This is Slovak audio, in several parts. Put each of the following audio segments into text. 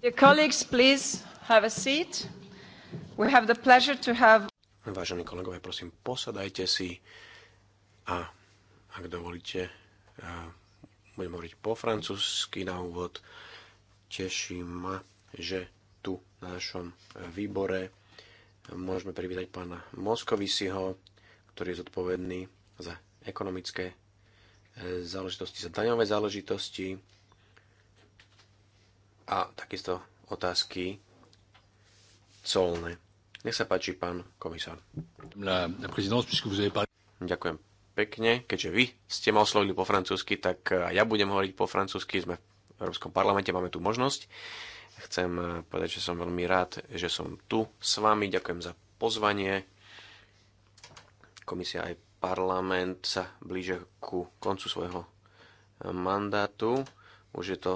Vážení kolegovia, prosím, posadajte si a ak dovolíte, budem hovoriť po francúzsky na úvod. Teší ma, že tu na našom výbore môžeme privítať pána Moskovisiho, ktorý je zodpovedný za ekonomické záležitosti, za daňové záležitosti a takisto otázky colné. Nech sa páči, pán komisár. Ďakujem pekne. Keďže vy ste ma oslovili po francúzsky, tak eh, ja budem hovoriť po francúzsky. Sme v Európskom parlamente, máme tu možnosť. Chcem eh, povedať, že som veľmi rád, že som tu s vami. Ďakujem za pozvanie. Komisia aj parlament sa blíže ku koncu svojho eh, mandátu. Už je to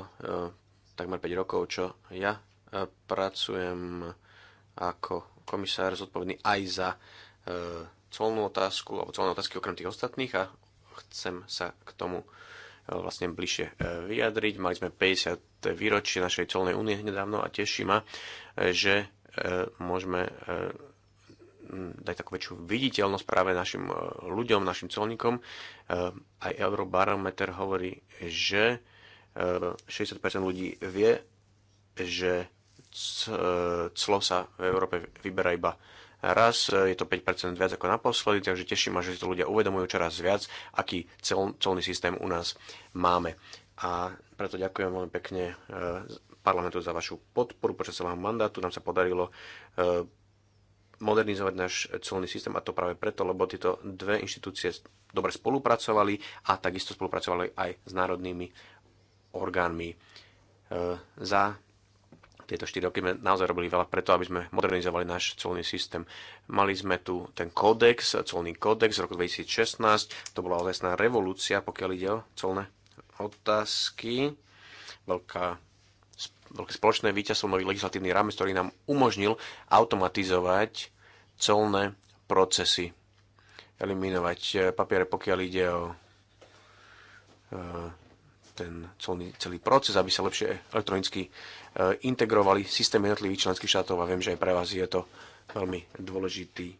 takmer 5 rokov, čo ja e, pracujem ako komisár zodpovedný aj za e, colnú otázku, alebo colné otázky okrem tých ostatných a chcem sa k tomu e, vlastne bližšie vyjadriť. Mali sme 50. výročie našej colnej únie nedávno a teší ma, že môžeme dať takú väčšiu viditeľnosť práve našim ľuďom, našim colníkom. Aj Eurobarometer hovorí, že 60% ľudí vie, že clo sa v Európe vyberá iba raz, je to 5% viac ako naposledy, takže teším ma, že si to ľudia uvedomujú čoraz viac, aký cel, celný systém u nás máme. A preto ďakujem veľmi pekne e, parlamentu za vašu podporu počas celého mandátu. Nám sa podarilo e, modernizovať náš celný systém a to práve preto, lebo tieto dve inštitúcie dobre spolupracovali a takisto spolupracovali aj s národnými orgánmi e, za tieto 4 roky sme naozaj robili veľa preto, aby sme modernizovali náš colný systém. Mali sme tu ten kódex, colný kódex z roku 2016, to bola ozajstná revolúcia, pokiaľ ide o colné otázky. Veľká, veľké spoločné víťazstvo, nový legislatívny rámec, ktorý nám umožnil automatizovať colné procesy. Eliminovať e, papiere, pokiaľ ide o e, ten celý, celý proces, aby sa lepšie elektronicky e, integrovali systém jednotlivých členských štátov a viem, že aj pre vás je to veľmi dôležitý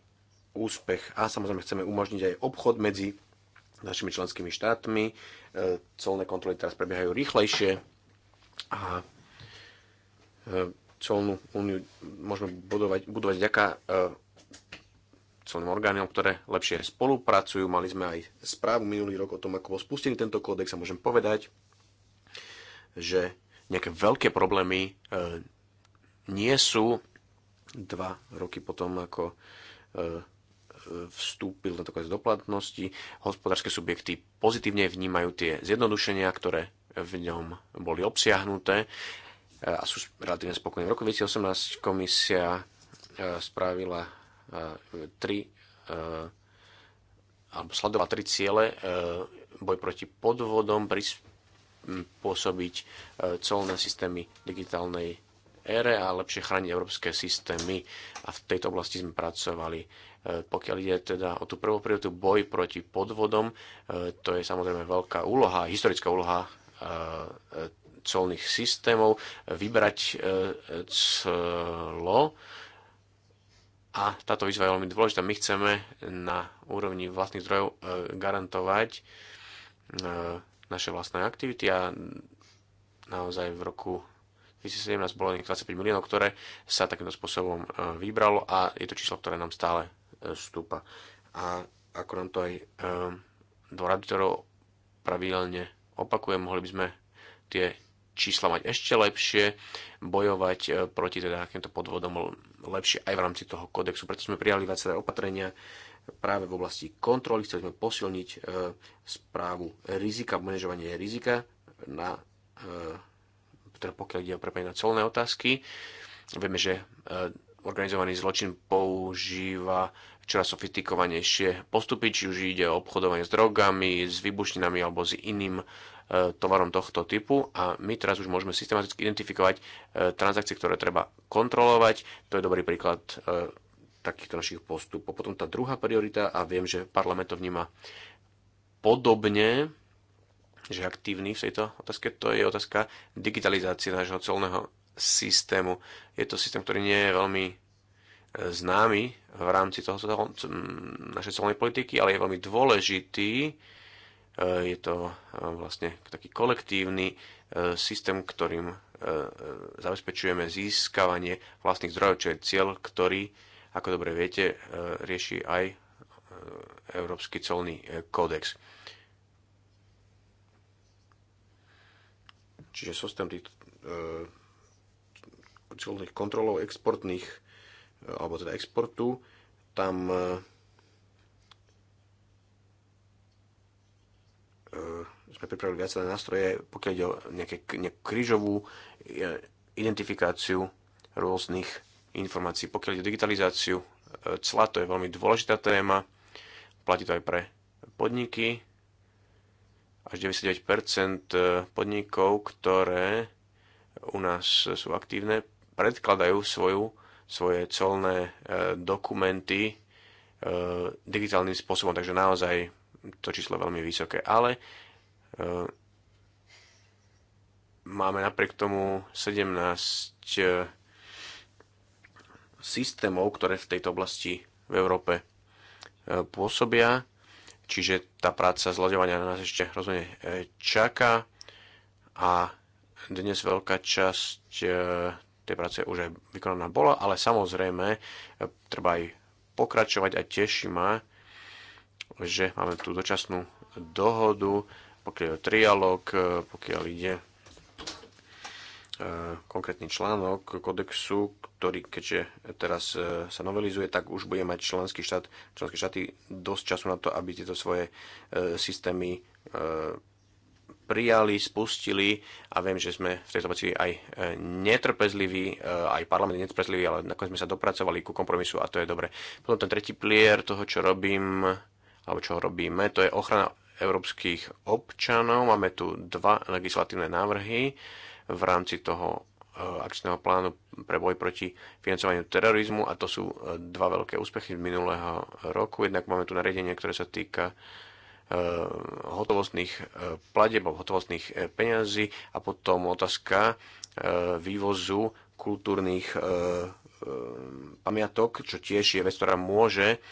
úspech a samozrejme chceme umožniť aj obchod medzi našimi členskými štátmi. E, Colné kontroly teraz prebiehajú rýchlejšie a e, colnú úniu môžeme budovať, budovať ďaká celým orgánom, ktoré lepšie spolupracujú. Mali sme aj správu minulý rok o tom, ako bol spustený tento kódex a môžem povedať, že nejaké veľké problémy e, nie sú dva roky potom, ako e, vstúpil nakoniec do doplatnosti, Hospodárske subjekty pozitívne vnímajú tie zjednodušenia, ktoré v ňom boli obsiahnuté e, a sú relatívne spokojní. V roku 2018 komisia spravila tri alebo sledovala tri ciele boj proti podvodom, pôsobiť e, colné systémy digitálnej ére a lepšie chrániť európske systémy. A v tejto oblasti sme pracovali. E, pokiaľ ide teda o tú prvú prioritu, boj proti podvodom, e, to je samozrejme veľká úloha, historická úloha colných systémov, vybrať clo. A táto výzva je veľmi dôležitá. My chceme na úrovni vlastných zdrojov garantovať naše vlastné aktivity a naozaj v roku 2017 bolo 25 miliónov, ktoré sa takýmto spôsobom e, vybralo a je to číslo, ktoré nám stále e, stúpa. A ako nám to aj e, dvor auditorov pravidelne opakuje, mohli by sme tie čísla mať ešte lepšie, bojovať proti teda takýmto podvodom lepšie aj v rámci toho kodexu. Preto sme prijali viaceré opatrenia práve v oblasti kontroly. Chceli sme posilniť e, správu rizika, manažovanie rizika na e, teda pokiaľ ide o prepojenie na celné otázky. Vieme, že e, organizovaný zločin používa čoraz sofistikovanejšie postupy, či už ide o obchodovanie s drogami, s výbušninami alebo s iným tovarom tohto typu a my teraz už môžeme systematicky identifikovať transakcie, ktoré treba kontrolovať. To je dobrý príklad takýchto našich postupov. Potom tá druhá priorita, a viem, že parlament to vníma podobne, že aktívny v tejto otázke, to je otázka digitalizácie nášho celného systému. Je to systém, ktorý nie je veľmi e, známy v rámci toho, toho našej celnej politiky, ale je veľmi dôležitý. E, je to e, vlastne taký kolektívny systém, ktorým zabezpečujeme získavanie vlastných zdrojov, čo je cieľ, ktorý ako dobre viete, e, rieši aj e, Európsky colný e, kódex. Čiže systém tých colných kontrolov exportných, alebo teda exportu, tam sme pripravili viaceré nástroje, pokiaľ ide o nejaké, nejakú krížovú identifikáciu rôznych informácií. Pokiaľ ide digitalizáciu, e, cla to je veľmi dôležitá téma, platí to aj pre podniky. Až 99% e, podnikov, ktoré u nás sú aktívne, predkladajú svoju, svoje colné e, dokumenty digitálnym spôsobom, takže naozaj to číslo je veľmi vysoké. Ale máme napriek tomu 17 systémov, ktoré v tejto oblasti v Európe e, pôsobia. Čiže tá práca zloďovania na nás ešte rozhodne e, čaká a dnes veľká časť e, tej práce už aj vykonaná bola, ale samozrejme treba aj pokračovať a teší ma, že máme tú dočasnú dohodu, pokiaľ je trialog, pokiaľ ide E, konkrétny článok kodexu, ktorý keďže teraz e, sa novelizuje, tak už bude mať členský štát, členské štáty dosť času na to, aby tieto svoje e, systémy prijali, spustili a viem, že sme v tejto veci aj netrpezliví, aj parlament je netrpezlivý, ale nakoniec sme sa dopracovali ku kompromisu a to je dobre. Potom ten tretí plier toho, čo robím, alebo čo robíme, to je ochrana európskych občanov. Máme tu dva legislatívne návrhy v rámci toho eh, akčného plánu pre boj proti financovaniu terorizmu a to sú eh, dva veľké úspechy z minulého roku. Jednak máme tu nariadenie, ktoré sa týka eh, hotovostných pladeb, hotovostných peňazí a potom otázka vývozu kultúrnych pamiatok, čo tiež je vec, ktorá môže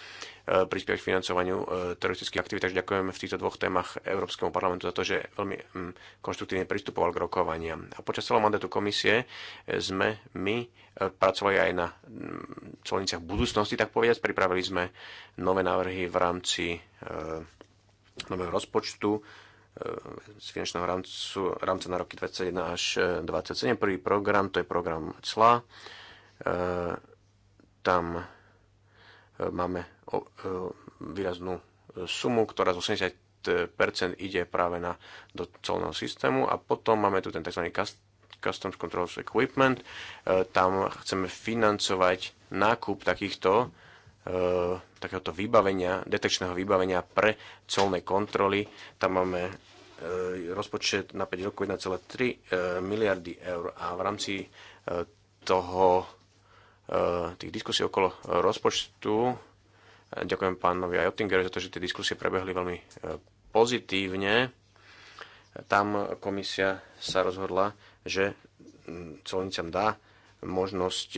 E, prispievať k financovaniu e, teroristických aktivít. Takže ďakujem v týchto dvoch témach Európskemu parlamentu za to, že veľmi mm, konštruktívne pristupoval k rokovaniam. A počas celého mandátu komisie e, sme my pracovali aj na colniciach mm, budúcnosti, tak povediať. Pripravili sme nové návrhy v rámci nového rozpočtu, z finančného rámcu, rámca na roky 2021 až 2027. Prvý program, to je program CLA. tam máme e, výraznú sumu, ktorá z 80% ide práve na, do celného systému a potom máme tu ten tzv. Customs Controls Equipment. E, tam chceme financovať nákup takýchto e, takéhoto vybavenia, detekčného vybavenia pre colné kontroly. Tam máme rozpočet na 5 rokov 1,3 miliardy eur a v rámci toho Eh, tých diskusí okolo rozpočtu. Eh, ďakujem pánovi aj Ottingeru za to, že tie diskusie prebehli veľmi eh, pozitívne. Tam komisia sa rozhodla, že mm, colnicám dá možnosť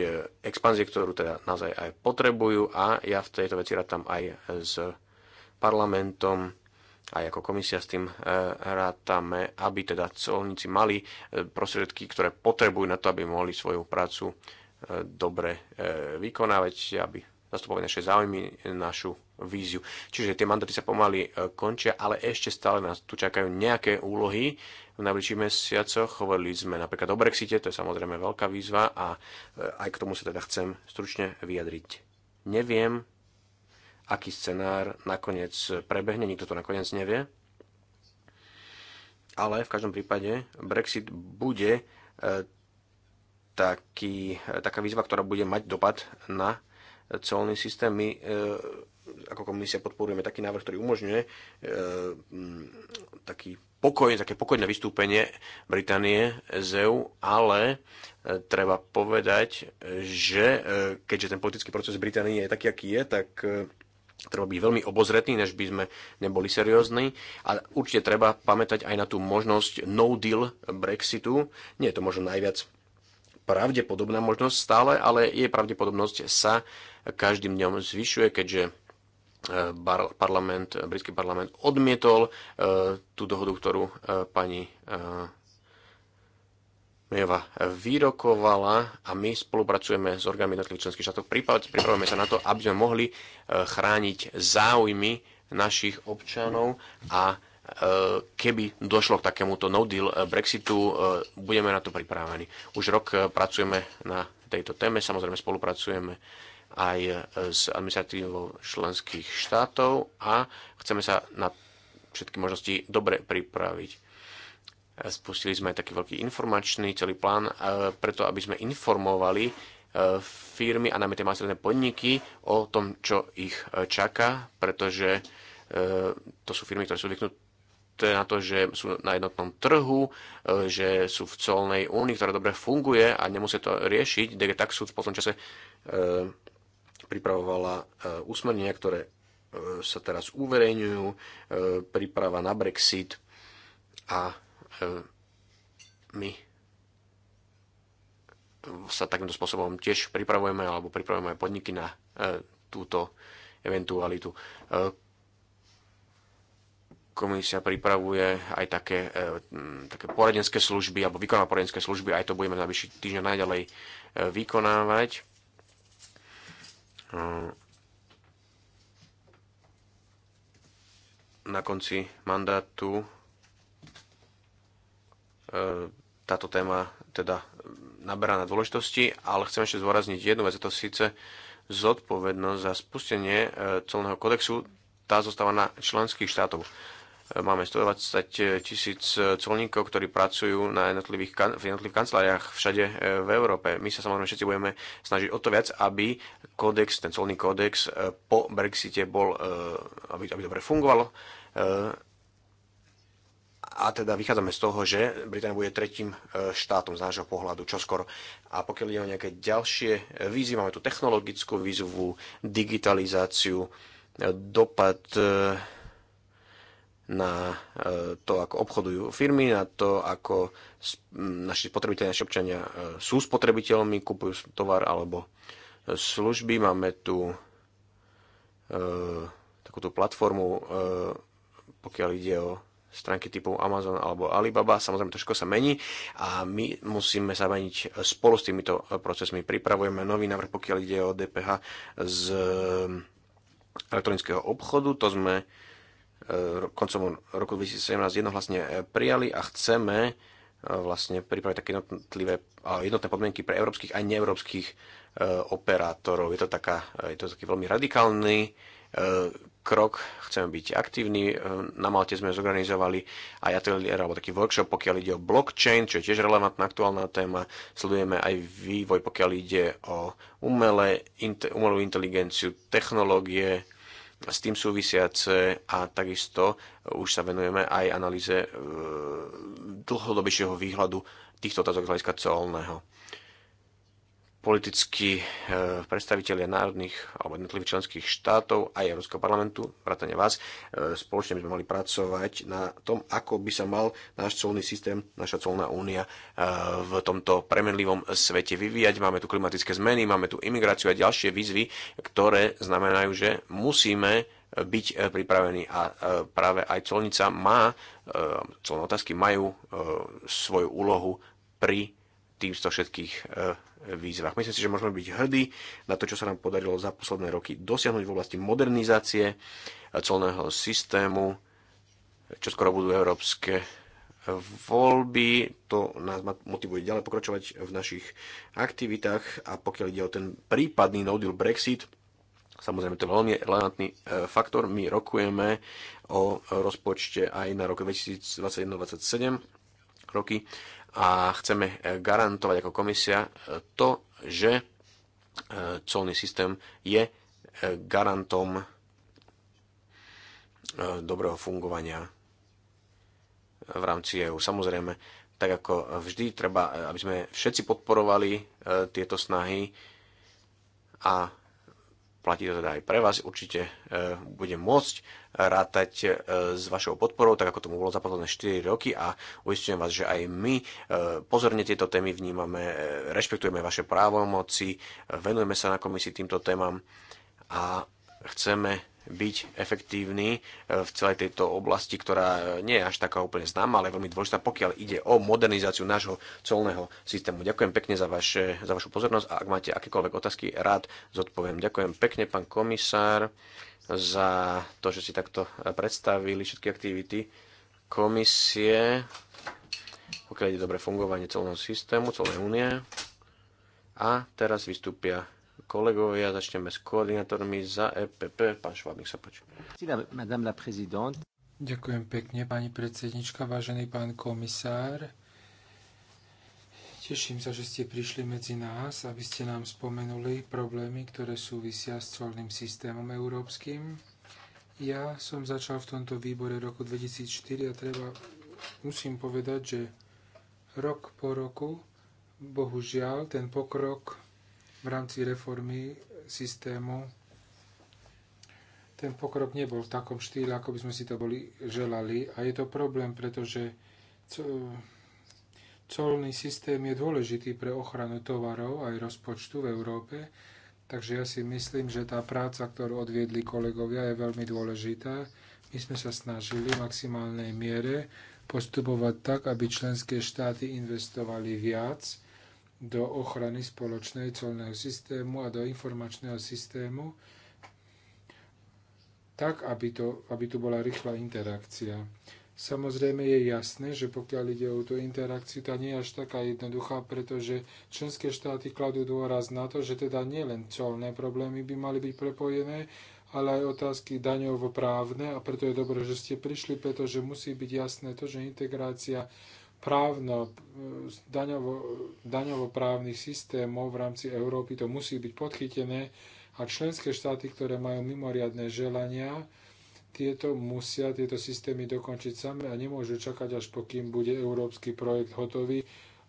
expanzie, ktorú teda naozaj aj potrebujú a ja v tejto veci tam aj s parlamentom, aj ako komisia s tým rátame, aby teda colníci mali prostriedky, ktoré potrebujú na to, aby mohli svoju prácu dobre e, vykonávať, aby zastupovali naše záujmy, našu víziu. Čiže tie mandaty sa pomaly e, končia, ale ešte stále nás tu čakajú nejaké úlohy v najbližších mesiacoch. Hovorili sme napríklad o Brexite, to je samozrejme veľká výzva a e, aj k tomu sa teda chcem stručne vyjadriť. Neviem, aký scenár nakoniec prebehne, nikto to nakoniec nevie. Ale v každom prípade Brexit bude taký, taká výzva, ktorá bude mať dopad na celný systém. My e, ako komisia podporujeme taký návrh, ktorý umožňuje e, taký pokoj, také pokojné vystúpenie Británie z EU, ale e, treba povedať, že keďže ten politický proces Británie je taký, aký je, tak treba byť veľmi obozretný, než by sme neboli seriózni. A určite treba pamätať aj na tú možnosť no deal Brexitu. Nie je to možno najviac pravdepodobná možnosť stále, ale jej pravdepodobnosť sa každým dňom zvyšuje, keďže e, parlament, britský parlament odmietol e, tú dohodu, ktorú e, pani Mejová vyrokovala a my spolupracujeme s orgánmi jednotlivých členských štátov. Pripravujeme sa na to, aby sme mohli chrániť záujmy našich občanov a E, keby došlo k takémuto no deal e, Brexitu, e, budeme na to pripravení. Už rok pracujeme na tejto téme, samozrejme spolupracujeme aj s administratívou členských štátov a chceme sa na všetky možnosti dobre pripraviť. Spustili sme aj taký veľký informačný celý plán, preto aby sme informovali firmy a najmä tie malé podniky o tom, čo ich čaká, pretože to sú firmy, ktoré sú vyknuté na to, že sú na jednotnom trhu, e, že sú v colnej únii, ktorá dobre funguje a nemusia to riešiť. DG sú v poslednom čase e, pripravovala e, usmernenia, ktoré sa teraz uverejňujú, príprava na Brexit a my sa takýmto spôsobom tiež pripravujeme alebo pripravujeme aj podniky na túto eventualitu. Komisia pripravuje aj také, e, také poradenské služby, alebo vykonáva poradenské služby, aj to budeme na vyšší týždeň naďalej e, vykonávať. E, na konci mandátu táto téma teda naberá na dôležitosti, ale chcem ešte zdôrazniť jednu vec, to síce zodpovednosť za spustenie celného kodexu, tá zostáva na členských štátov. Máme 120 tisíc e, colníkov, ktorí pracujú na jednotlivých kan- v jednotlivých kanceláriách všade e, v Európe. My sa samozrejme všetci budeme snažiť o to viac, aby kódex, ten colný kódex e, po Brexite bol, aby, aby dobre fungovalo. A teda vychádzame z toho, že Británia bude tretím štátom z nášho pohľadu čoskoro. A pokiaľ ide o nejaké ďalšie výzvy, máme tu technologickú výzvu, digitalizáciu, dopad na e, to, ako obchodujú firmy, na to, ako naši spotrebitelia, naši občania e, sú spotrebiteľmi, kupujú tovar alebo e, služby. Máme tu takúto platformu, pokiaľ ide o stránky typu Amazon alebo Alibaba. Samozrejme, to všetko sa mení a my musíme sa meniť spolu s týmito procesmi. Pripravujeme nový návrh, pokiaľ ide o DPH z elektronického obchodu. To sme E, koncom roku 2017 jednohlasne e, prijali a chceme e, vlastne pripraviť také jednotlivé, jednotné podmienky pre európskych aj neeurópskych operátorov. Je to, taká, je to taký veľmi radikálny krok, chceme byť aktívni. Na Malte sme zorganizovali aj ateliér alebo taký workshop, pokiaľ ide o blockchain, čo je tiež relevantná aktuálna téma. Sledujeme aj vývoj, pokiaľ ide o umelé, umelú inteligenciu, technológie, s tým súvisiace a takisto už sa venujeme aj analýze e, dlhodobejšieho výhľadu týchto otázok z hľadiska colného politickí e, predstavitelia národných alebo jednotlivých členských štátov aj Európskeho parlamentu, vrátane vás, e, spoločne by sme mali pracovať na tom, ako by sa mal náš colný systém, naša colná únia e, v tomto premenlivom svete vyvíjať. Máme tu klimatické zmeny, máme tu imigráciu a ďalšie výzvy, ktoré znamenajú, že musíme byť pripravený a práve aj colnica má, colné otázky majú svoju úlohu pri týchto všetkých e, výzvach. Myslím si, že môžeme byť hrdí na to, čo sa nám podarilo za posledné roky dosiahnuť v oblasti modernizácie e, colného systému. Čo skoro budú európske e, voľby, to nás motivuje ďalej pokračovať v našich aktivitách a pokiaľ ide o ten prípadný no deal Brexit, Samozrejme, to je veľmi relevantný faktor. My rokujeme o rozpočte aj na rok 2021-2027 roky a chceme eh, garantovať ako komisia eh, to, že eh, colný systém je garantom dobrého fungovania v rámci EU. Samozrejme, tak ako vždy, treba, aby sme všetci podporovali tieto snahy a platí to teda aj pre vás, určite e, budem môcť rátať e, s vašou podporou, tak ako tomu bolo za posledné 4 roky a uistujem vás, že aj my e, pozorne tieto témy vnímame, rešpektujeme vaše právomoci, venujeme sa na komisii týmto témam a chceme byť efektívni e, v celej tejto oblasti, ktorá nie je až taká úplne známa, ale veľmi dôležitá, pokiaľ ide o modernizáciu nášho colného systému. Ďakujem pekne za, vaše, za vašu pozornosť a ak máte akékoľvek otázky, rád zodpoviem. Ďakujem pekne, pán komisár, za to, že ste takto predstavili všetky aktivity komisie, pokiaľ ide dobre fungovanie celného systému, celé únie. A teraz vystúpia kolegovia, začneme s koordinátormi za EPP. Pán Šváb, nech sa páči. Ďakujem pekne, pani predsednička, vážený pán komisár. Teším sa, že ste prišli medzi nás, aby ste nám spomenuli problémy, ktoré súvisia s colným systémom európskym. Ja som začal v tomto výbore roku 2004 a treba, musím povedať, že rok po roku, bohužiaľ, ten pokrok v rámci reformy systému ten pokrok nebol v takom štýle, ako by sme si to boli želali. A je to problém, pretože colný systém je dôležitý pre ochranu tovarov aj rozpočtu v Európe, takže ja si myslím, že tá práca, ktorú odviedli kolegovia, je veľmi dôležitá. My sme sa snažili v maximálnej miere postupovať tak, aby členské štáty investovali viac do ochrany spoločnej colného systému a do informačného systému, tak, aby, to, aby tu bola rýchla interakcia. Samozrejme je jasné, že pokiaľ ide o tú interakciu, tá nie je až taká jednoduchá, pretože členské štáty kladú dôraz na to, že teda nielen colné problémy by mali byť prepojené, ale aj otázky daňovo-právne a preto je dobré, že ste prišli, pretože musí byť jasné to, že integrácia právno, e, daňovo, daňovo-právnych systémov v rámci Európy to musí byť podchytené a členské štáty, ktoré majú mimoriadne želania, tieto musia tieto systémy dokončiť same a nemôžu čakať, až pokým bude európsky projekt hotový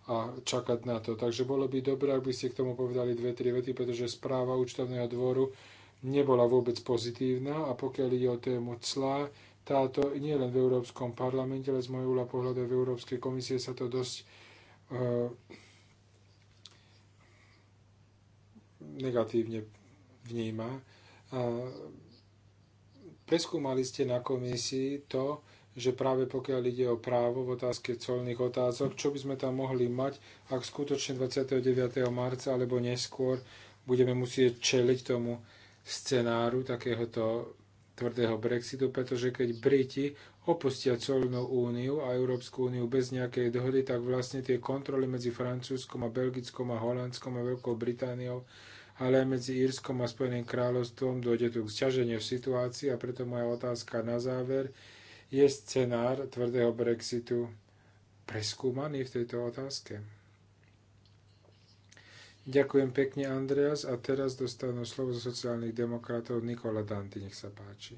a čakať na to. Takže bolo by dobré, ak by ste k tomu povedali dve, tri vety, pretože správa účtovného dvoru nebola vôbec pozitívna a pokiaľ ide o tému clá, táto nie len v Európskom parlamente, ale z môjho uhla pohľadu v Európskej komisie sa to dosť eh, negatívne vníma. preskúmali ste na komisii to, že práve pokiaľ ide o právo v otázke colných otázok, čo by sme tam mohli mať, ak skutočne 29. marca alebo neskôr budeme musieť čeliť tomu scenáru takéhoto tvrdého Brexitu, pretože keď Briti opustia colnú úniu a Európsku úniu bez nejakej dohody, tak vlastne tie kontroly medzi Francúzskom a Belgickom a Holandskom a Veľkou Britániou, ale aj medzi Írskom a Spojeným kráľovstvom dojde tu k zťaženiu situácii a preto moja otázka na záver je scenár tvrdého Brexitu preskúmaný v tejto otázke? Ďakujem pekne, Andreas. A teraz dostanú slovo zo sociálnych demokratov Nikola Danty. Nech sa páči.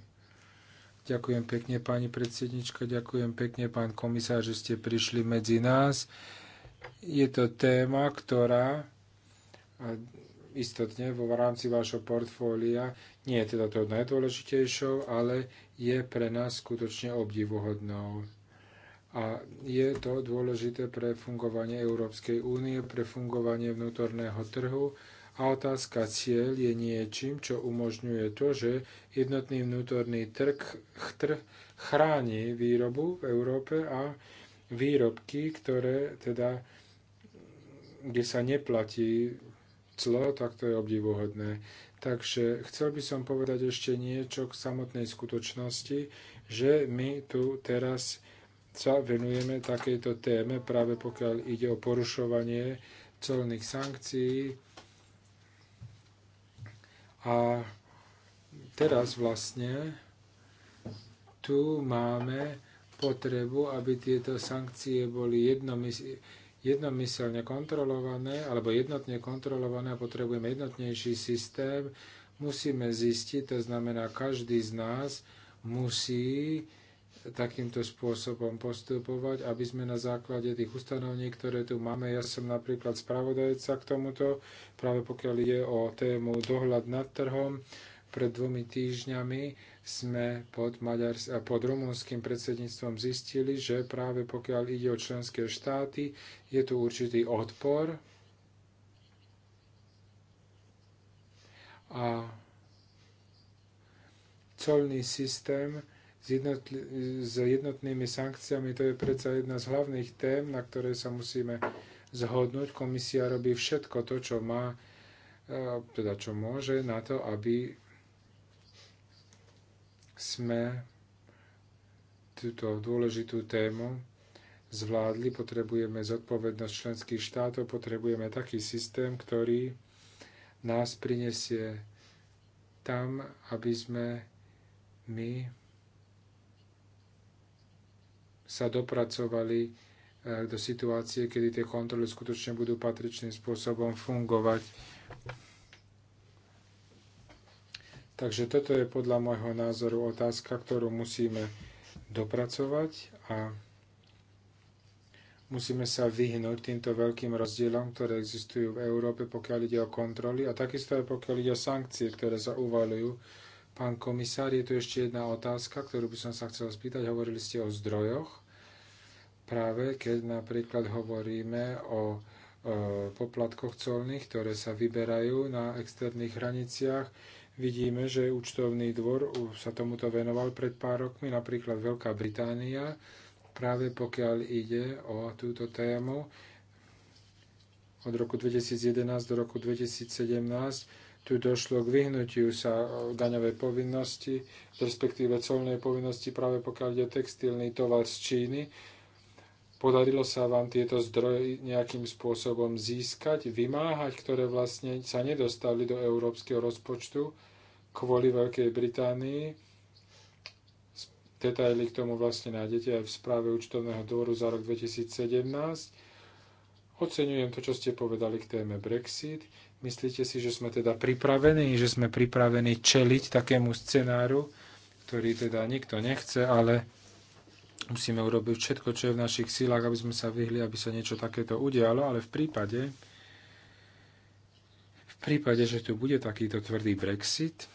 Ďakujem pekne, pani predsednička. Ďakujem pekne, pán komisár, že ste prišli medzi nás. Je to téma, ktorá istotne vo rámci vášho portfólia nie je teda to najdôležitejšou, ale je pre nás skutočne obdivuhodnou a je to dôležité pre fungovanie Európskej únie, pre fungovanie vnútorného trhu a otázka cieľ je niečím, čo umožňuje to, že jednotný vnútorný trh, chtr, chráni výrobu v Európe a výrobky, ktoré teda, kde sa neplatí clo, tak to je obdivuhodné. Takže chcel by som povedať ešte niečo k samotnej skutočnosti, že my tu teraz sa venujeme takejto téme, práve pokiaľ ide o porušovanie celných sankcií. A teraz vlastne tu máme potrebu, aby tieto sankcie boli jednomyselne kontrolované alebo jednotne kontrolované a potrebujeme jednotnejší systém, musíme zistiť, to znamená, každý z nás musí takýmto spôsobom postupovať, aby sme na základe tých ustanovení, ktoré tu máme, ja som napríklad spravodajca k tomuto, práve pokiaľ ide o tému dohľad nad trhom, pred dvomi týždňami sme pod, Maďars- pod rumúnským predsedníctvom zistili, že práve pokiaľ ide o členské štáty, je tu určitý odpor a colný systém s, jednotnými sankciami, to je predsa jedna z hlavných tém, na ktoré sa musíme zhodnúť. Komisia robí všetko to, čo má, e, teda čo môže, na to, aby sme túto dôležitú tému zvládli. Potrebujeme zodpovednosť členských štátov, potrebujeme taký systém, ktorý nás prinesie tam, aby sme my sa dopracovali e, do situácie, kedy tie kontroly skutočne budú patričným spôsobom fungovať. Takže toto je podľa môjho názoru otázka, ktorú musíme dopracovať a musíme sa vyhnúť týmto veľkým rozdielom, ktoré existujú v Európe, pokiaľ ide o kontroly a takisto aj pokiaľ ide o sankcie, ktoré sa uvalujú Pán komisár, je tu ešte jedna otázka, ktorú by som sa chcel spýtať. Hovorili ste o zdrojoch. Práve keď napríklad hovoríme o poplatkoch colných, ktoré sa vyberajú na externých hraniciach. Vidíme, že účtovný dvor sa tomuto venoval pred pár rokmi, napríklad Veľká Británia, práve pokiaľ ide o túto tému. Od roku 2011 do roku 2017 tu došlo k vyhnutiu sa e, daňovej povinnosti, respektíve colnej povinnosti práve pokiaľ ide textilný tovar z Číny. Podarilo sa vám tieto zdroje nejakým spôsobom získať, vymáhať, ktoré vlastne sa nedostali do európskeho rozpočtu kvôli Veľkej Británii. Detaily k tomu vlastne nájdete aj v správe účtovného dvoru za rok 2017. Oceňujem to, čo ste povedali k téme Brexit. Myslíte si, že sme teda pripravení, že sme pripravení čeliť takému scenáru, ktorý teda nikto nechce, ale musíme urobiť všetko, čo je v našich silách, aby sme sa vyhli, aby sa niečo takéto udialo, ale v prípade, v prípade, že tu bude takýto tvrdý Brexit,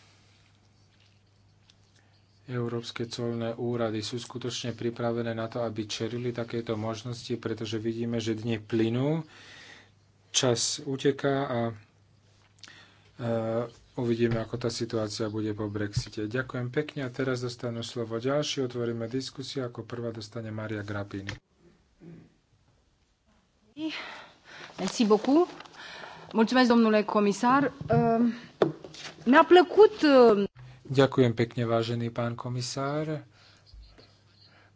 Európske colné úrady sú skutočne pripravené na to, aby čerili takéto možnosti, pretože vidíme, že dne plynú, čas uteká a uvidíme, ako tá situácia bude po Brexite. Ďakujem pekne a teraz dostanú slovo ďalší. Otvoríme diskusiu. Ako prvá dostane Maria Grapini. Merci beaucoup. Mulțumesc, domnule comisar. Ehm, mi-a plăcut... Ehm, Ďakujem pekne, vážený pán komisár.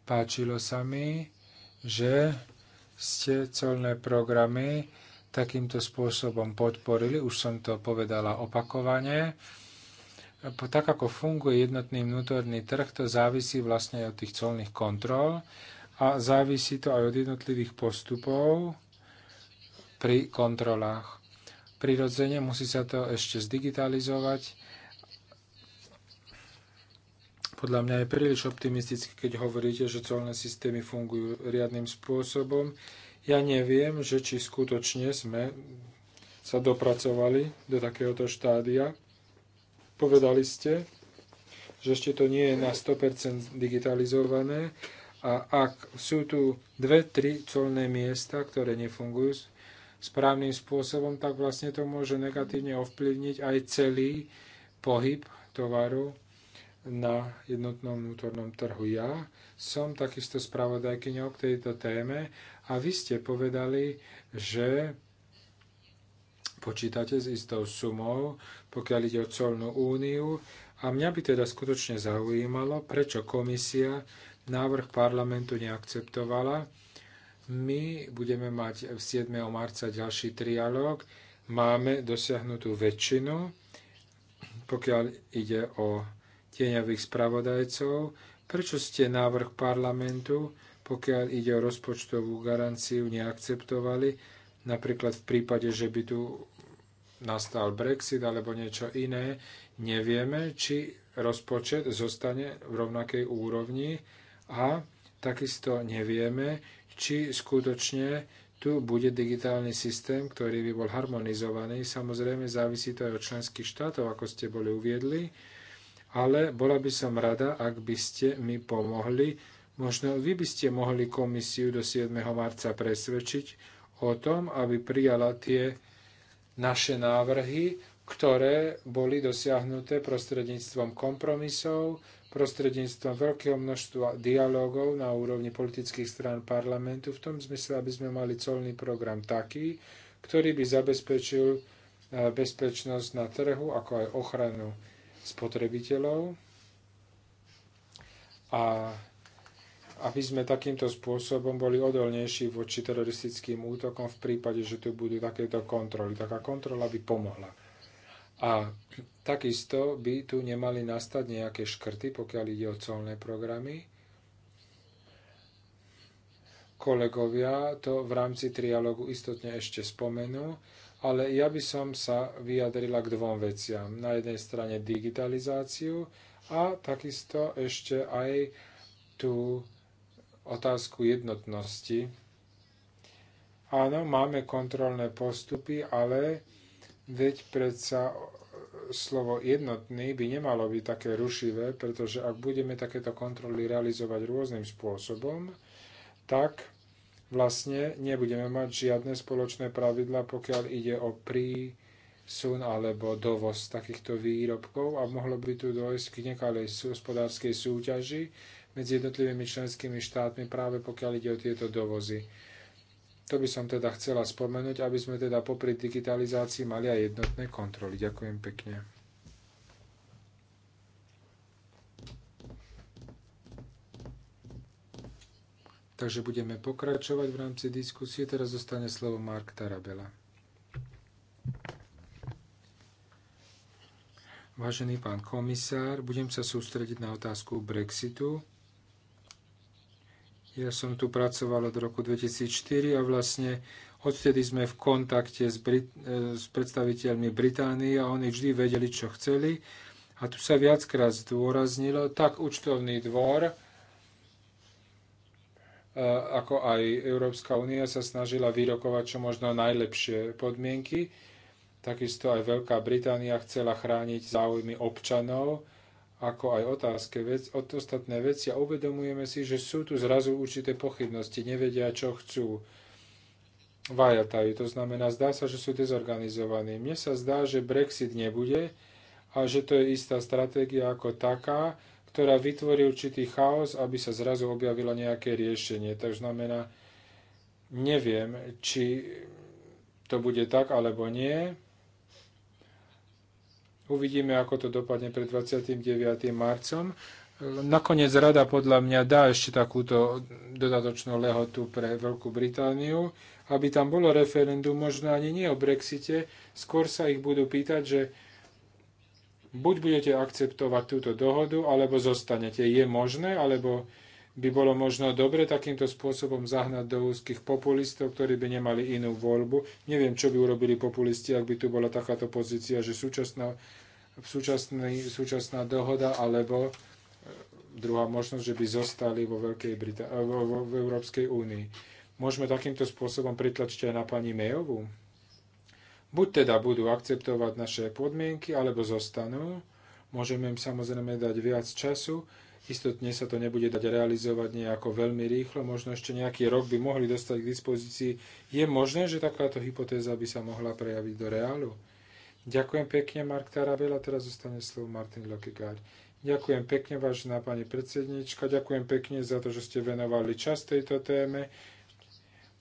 Páčilo sa mi, že ste colné programy takýmto spôsobom podporili. Už som to povedala opakovane. Tak ako funguje jednotný vnútorný trh, to závisí vlastne od tých colných kontrol a závisí to aj od jednotlivých postupov pri kontrolách. Prirodzene musí sa to ešte zdigitalizovať. Podľa mňa je príliš optimistické, keď hovoríte, že colné systémy fungujú riadnym spôsobom. Ja neviem, že či skutočne sme sa dopracovali do takéhoto štádia. Povedali ste, že ešte to nie je na 100% digitalizované a ak sú tu dve, tri colné miesta, ktoré nefungujú správnym spôsobom, tak vlastne to môže negatívne ovplyvniť aj celý pohyb tovaru na jednotnom vnútornom trhu. Ja som takisto spravodajkyňou k tejto téme a vy ste povedali, že počítate s istou sumou, pokiaľ ide o colnú úniu. A mňa by teda skutočne zaujímalo, prečo komisia návrh parlamentu neakceptovala. My budeme mať 7. marca ďalší trialóg. Máme dosiahnutú väčšinu, pokiaľ ide o tieňových spravodajcov, prečo ste návrh parlamentu, pokiaľ ide o rozpočtovú garanciu, neakceptovali, napríklad v prípade, že by tu nastal Brexit alebo niečo iné, nevieme, či rozpočet zostane v rovnakej úrovni a takisto nevieme, či skutočne tu bude digitálny systém, ktorý by bol harmonizovaný. Samozrejme, závisí to aj od členských štátov, ako ste boli uviedli ale bola by som rada, ak by ste mi pomohli. Možno vy by ste mohli komisiu do 7. marca presvedčiť o tom, aby prijala tie naše návrhy, ktoré boli dosiahnuté prostredníctvom kompromisov, prostredníctvom veľkého množstva dialogov na úrovni politických strán parlamentu, v tom zmysle, aby sme mali colný program taký, ktorý by zabezpečil eh, bezpečnosť na trhu, ako aj ochranu spotrebiteľov a aby sme takýmto spôsobom boli odolnejší voči teroristickým útokom v prípade, že tu budú takéto kontroly. Taká kontrola by pomohla. A takisto by tu nemali nastať nejaké škrty, pokiaľ ide o colné programy. Kolegovia to v rámci trialógu istotne ešte spomenú ale ja by som sa vyjadrila k dvom veciam. Na jednej strane digitalizáciu a takisto ešte aj tú otázku jednotnosti. Áno, máme kontrolné postupy, ale veď predsa slovo jednotný by nemalo byť také rušivé, pretože ak budeme takéto kontroly realizovať rôznym spôsobom, tak vlastne nebudeme mať žiadne spoločné pravidla, pokiaľ ide o prísun alebo dovoz takýchto výrobkov a mohlo by tu dojsť k nekalej hospodárskej súťaži medzi jednotlivými členskými štátmi práve pokiaľ ide o tieto dovozy. To by som teda chcela spomenúť, aby sme teda popri digitalizácii mali aj jednotné kontroly. Ďakujem pekne. Takže budeme pokračovať v rámci diskusie. Teraz zostane slovo Mark Tarabela. Vážený pán komisár, budem sa sústrediť na otázku Brexitu. Ja som tu pracoval od roku 2004 a vlastne odtedy sme v kontakte s, Brit- e, s predstaviteľmi Británie a oni vždy vedeli, čo chceli. A tu sa viackrát zdôraznilo, tak účtovný dvor, ako aj Európska únia sa snažila vyrokovať čo možno najlepšie podmienky. Takisto aj Veľká Británia chcela chrániť záujmy občanov, ako aj otázke vec, od ostatné veci a uvedomujeme si, že sú tu zrazu určité pochybnosti, nevedia, čo chcú. Vajatajú, to znamená, zdá sa, že sú dezorganizovaní. Mne sa zdá, že Brexit nebude a že to je istá stratégia ako taká, ktorá vytvorí určitý chaos, aby sa zrazu objavilo nejaké riešenie. To znamená, neviem, či to bude tak alebo nie. Uvidíme, ako to dopadne pred 29. marcom. Nakoniec rada podľa mňa dá ešte takúto dodatočnú lehotu pre Veľkú Britániu, aby tam bolo referendum, možno ani nie o Brexite, skôr sa ich budú pýtať, že Buď budete akceptovať túto dohodu, alebo zostanete. Je možné, alebo by bolo možno dobre takýmto spôsobom zahnať do úzkých populistov, ktorí by nemali inú voľbu. Neviem, čo by urobili populisti, ak by tu bola takáto pozícia, že súčasná, súčasný, súčasná dohoda alebo e, druhá možnosť, že by zostali vo, Veľkej Brita- vo, vo, v Európskej únii. Môžeme takýmto spôsobom pritlačiť aj na pani Mejovu? Buď teda budú akceptovať naše podmienky, alebo zostanú. Môžeme im samozrejme dať viac času. Istotne sa to nebude dať realizovať nejako veľmi rýchlo, možno ešte nejaký rok by mohli dostať k dispozícii. Je možné, že takáto hypotéza by sa mohla prejaviť do reálu? Ďakujem pekne, Mark Tarabela. Teraz zostane slovo Martin Lokigár. Ďakujem pekne, vážená pani predsednička. Ďakujem pekne za to, že ste venovali čas tejto téme.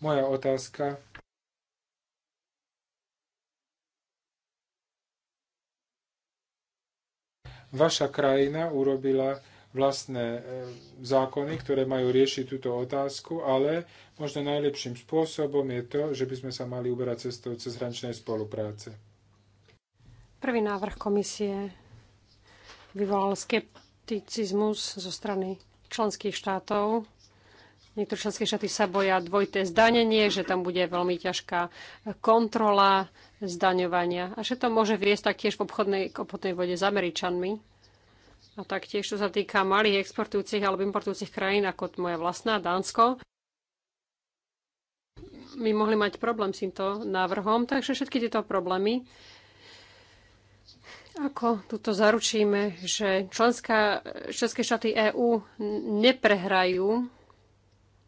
Moja otázka Vaša krajina urobila vlastné e, zákony, ktoré majú riešiť túto otázku, ale možno najlepším spôsobom je to, že by sme sa mali uberať cestou cez hraničnej spolupráce. Prvý návrh komisie vyvolal skepticizmus zo strany členských štátov, Niektoré členské štáty sa boja dvojité zdanenie, že tam bude veľmi ťažká kontrola zdaňovania a že to môže viesť taktiež v obchodnej, k obchodnej vode s Američanmi. A taktiež, čo sa týka malých exportujúcich alebo importujúcich krajín, ako moja vlastná Dánsko, my mohli mať problém s týmto návrhom, takže všetky tieto problémy ako tuto zaručíme, že členská, členské štáty EÚ neprehrajú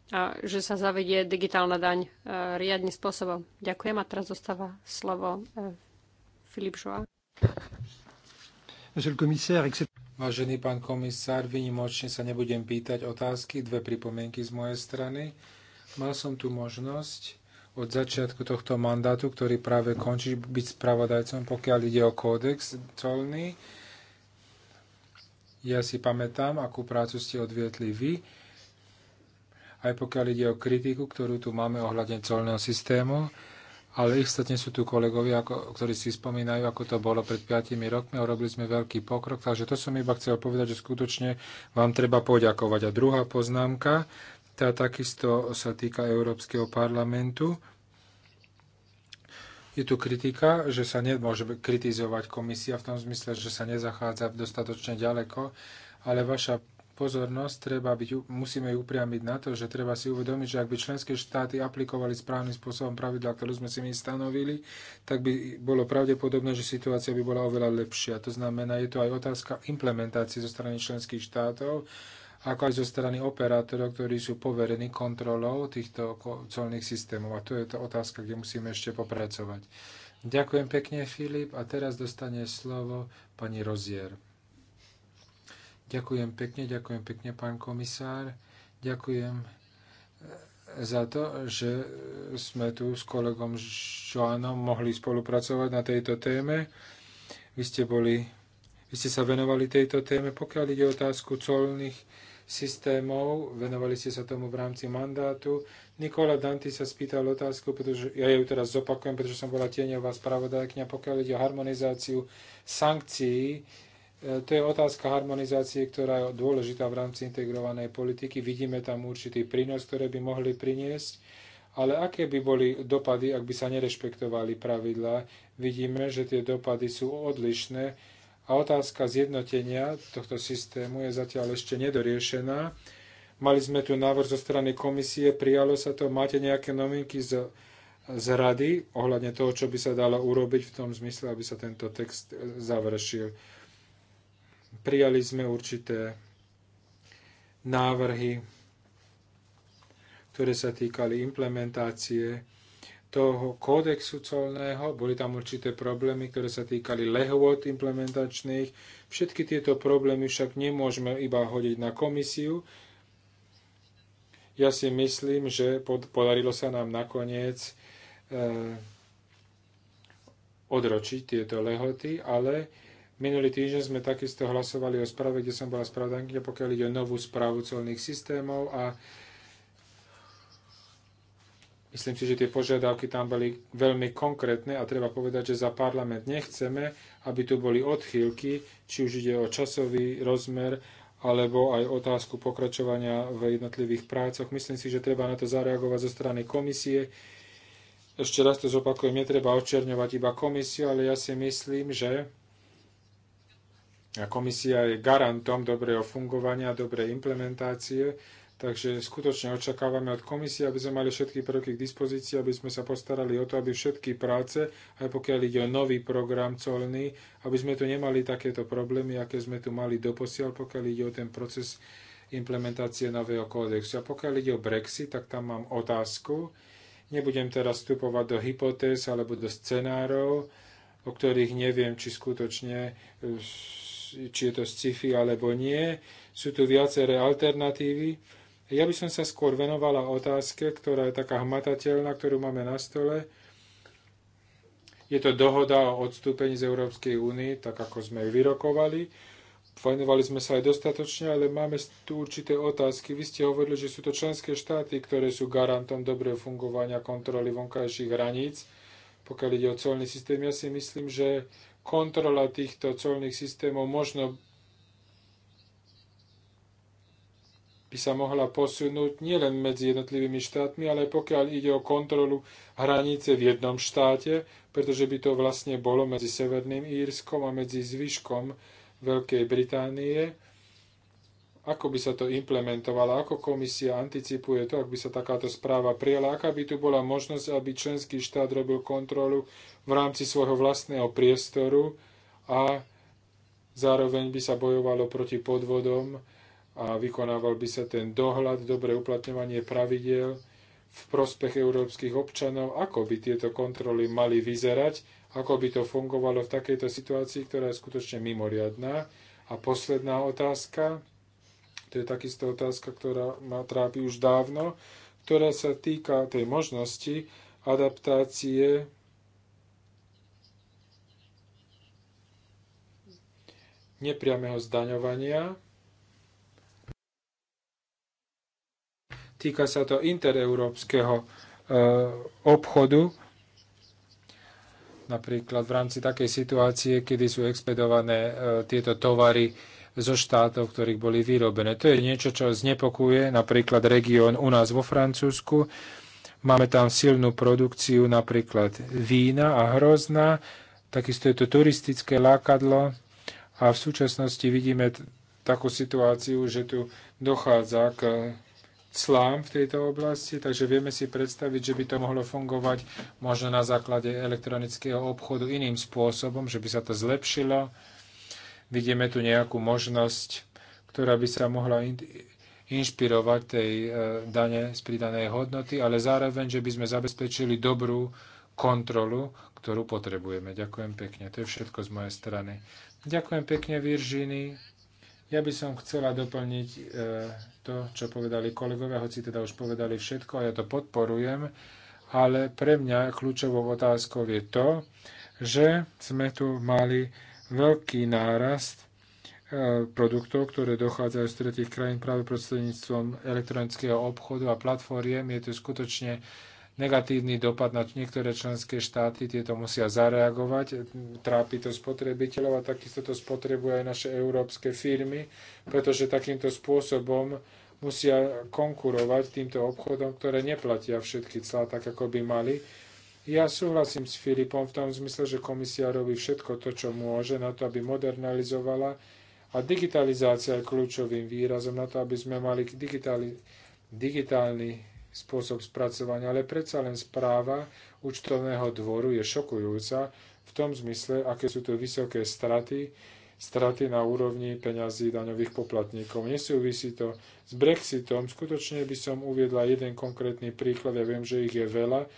a že sa zavedie digitálna daň e, riadne spôsobom. Ďakujem a teraz zostáva slovo e, Filip Žoa. Vážený pán komisár, vynimočne sa nebudem pýtať otázky, dve pripomienky z mojej strany. Mal som tu možnosť od začiatku tohto mandátu, ktorý práve končí, byť spravodajcom, pokiaľ ide o kódex colný. Ja si pamätám, akú prácu ste odvietli vy aj pokiaľ ide o kritiku, ktorú tu máme ohľadne colného systému, ale istotne sú tu kolegovia, ako, ktorí si spomínajú, ako to bolo pred 5 rokmi a robili sme veľký pokrok, takže to som iba chcel povedať, že skutočne vám treba poďakovať. A druhá poznámka, tá takisto sa týka Európskeho parlamentu. Je tu kritika, že sa nemôže kritizovať komisia v tom zmysle, že sa nezachádza dostatočne ďaleko, ale vaša pozornosť treba byť, musíme ju upriamiť na to, že treba si uvedomiť, že ak by členské štáty aplikovali správnym spôsobom pravidla, ktorú sme si my stanovili, tak by bolo pravdepodobné, že situácia by bola oveľa lepšia. To znamená, je to aj otázka implementácie zo strany členských štátov, ako aj zo strany operátorov, ktorí sú poverení kontrolou týchto colných systémov. A to je to otázka, kde musíme ešte popracovať. Ďakujem pekne, Filip. A teraz dostane slovo pani Rozier. Ďakujem pekne, ďakujem pekne, pán komisár. Ďakujem e, za to, že e, sme tu s kolegom Joánom mohli spolupracovať na tejto téme. Vy ste, boli, vy ste sa venovali tejto téme. Pokiaľ ide o otázku colných systémov, venovali ste sa tomu v rámci mandátu. Nikola Danti sa spýtal otázku, pretože ja ju teraz zopakujem, pretože som bola tieňová spravodajkňa, pokiaľ ide o harmonizáciu sankcií E, to je otázka harmonizácie, ktorá je dôležitá v rámci integrovanej politiky. Vidíme tam určitý prínos, ktoré by mohli priniesť, ale aké by boli dopady, ak by sa nerešpektovali pravidlá? Vidíme, že tie dopady sú odlišné a otázka zjednotenia tohto systému je zatiaľ ešte nedoriešená. Mali sme tu návrh zo strany komisie, prijalo sa to. Máte nejaké novinky z, z rady ohľadne toho, čo by sa dalo urobiť v tom zmysle, aby sa tento text e, završil? Prijali sme určité návrhy, ktoré sa týkali implementácie toho kódexu colného, boli tam určité problémy, ktoré sa týkali lehôd implementačných. Všetky tieto problémy však nemôžeme iba hodiť na komisiu. Ja si myslím, že podarilo sa nám nakoniec eh, odročiť tieto lehoty, ale Minulý týždeň sme takisto hlasovali o správe, kde som bola spravodajkyňa, pokiaľ ide o novú správu colných systémov a myslím si, že tie požiadavky tam boli veľmi konkrétne a treba povedať, že za parlament nechceme, aby tu boli odchýlky, či už ide o časový rozmer alebo aj otázku pokračovania v jednotlivých prácoch. Myslím si, že treba na to zareagovať zo strany komisie. Ešte raz to zopakujem, netreba očerňovať iba komisiu, ale ja si myslím, že komisia je garantom dobrého fungovania, dobrej implementácie, takže skutočne očakávame od komisie, aby sme mali všetky prvky k dispozícii, aby sme sa postarali o to, aby všetky práce, aj pokiaľ ide o nový program colný, aby sme tu nemali takéto problémy, aké sme tu mali doposiaľ, pokiaľ ide o ten proces implementácie nového kódexu. A pokiaľ ide o Brexit, tak tam mám otázku. Nebudem teraz vstupovať do hypotéz alebo do scenárov, o ktorých neviem, či skutočne či je to sci-fi alebo nie. Sú tu viaceré alternatívy. Ja by som sa skôr venovala otázke, ktorá je taká hmatateľná, ktorú máme na stole. Je to dohoda o odstúpení z Európskej únie, tak ako sme ju vyrokovali. Venovali sme sa aj dostatočne, ale máme tu určité otázky. Vy ste hovorili, že sú to členské štáty, ktoré sú garantom dobreho fungovania kontroly vonkajších hraníc. Pokiaľ ide o colný systém, ja si myslím, že kontrola týchto colných systémov možno by sa mohla posunúť nielen medzi jednotlivými štátmi, ale pokiaľ ide o kontrolu hranice v jednom štáte, pretože by to vlastne bolo medzi Severným Írskom a medzi zvyškom Veľkej Británie, ako by sa to implementovalo, ako komisia anticipuje to, ak by sa takáto správa prijela, aká by tu bola možnosť, aby členský štát robil kontrolu v rámci svojho vlastného priestoru a zároveň by sa bojovalo proti podvodom a vykonával by sa ten dohľad, dobre uplatňovanie pravidiel v prospech európskych občanov, ako by tieto kontroly mali vyzerať, ako by to fungovalo v takejto situácii, ktorá je skutočne mimoriadná. A posledná otázka to je takisto otázka, ktorá ma trápi už dávno, ktorá sa týka tej možnosti adaptácie nepriameho zdaňovania. Týka sa to intereurópskeho e, obchodu, napríklad v rámci takej situácie, kedy sú expedované e, tieto tovary zo štátov, ktorých boli vyrobené. To je niečo, čo znepokuje napríklad región u nás vo Francúzsku. Máme tam silnú produkciu napríklad vína a hrozna, takisto je to turistické lákadlo a v súčasnosti vidíme takú situáciu, že tu dochádza k slám v tejto oblasti, takže vieme si predstaviť, že by to mohlo fungovať možno na základe elektronického obchodu iným spôsobom, že by sa to zlepšilo Vidíme tu nejakú možnosť, ktorá by sa mohla inšpirovať tej e, dane z pridanej hodnoty, ale zároveň, že by sme zabezpečili dobrú kontrolu, ktorú potrebujeme. Ďakujem pekne. To je všetko z mojej strany. Ďakujem pekne, Viržiny. Ja by som chcela doplniť e, to, čo povedali kolegovia, hoci teda už povedali všetko a ja to podporujem, ale pre mňa kľúčovou otázkou je to, že sme tu mali veľký nárast e, produktov, ktoré dochádzajú z tretich krajín práve prostredníctvom elektronického obchodu a platformiem. Je to skutočne negatívny dopad na niektoré členské štáty, tieto musia zareagovať, trápi to spotrebiteľov a takisto to spotrebujú aj naše európske firmy, pretože takýmto spôsobom musia konkurovať týmto obchodom, ktoré neplatia všetky clá tak, ako by mali ja súhlasím s Filipom v tom zmysle, že komisia robí všetko to, čo môže na to, aby modernalizovala a digitalizácia je kľúčovým výrazom na to, aby sme mali digitali, digitálny spôsob spracovania, ale predsa len správa účtovného dvoru je šokujúca v tom zmysle, aké sú tu vysoké straty, straty na úrovni peňazí daňových poplatníkov. Nesúvisí to s Brexitom. Skutočne by som uviedla jeden konkrétny príklad, ja viem, že ich je veľa,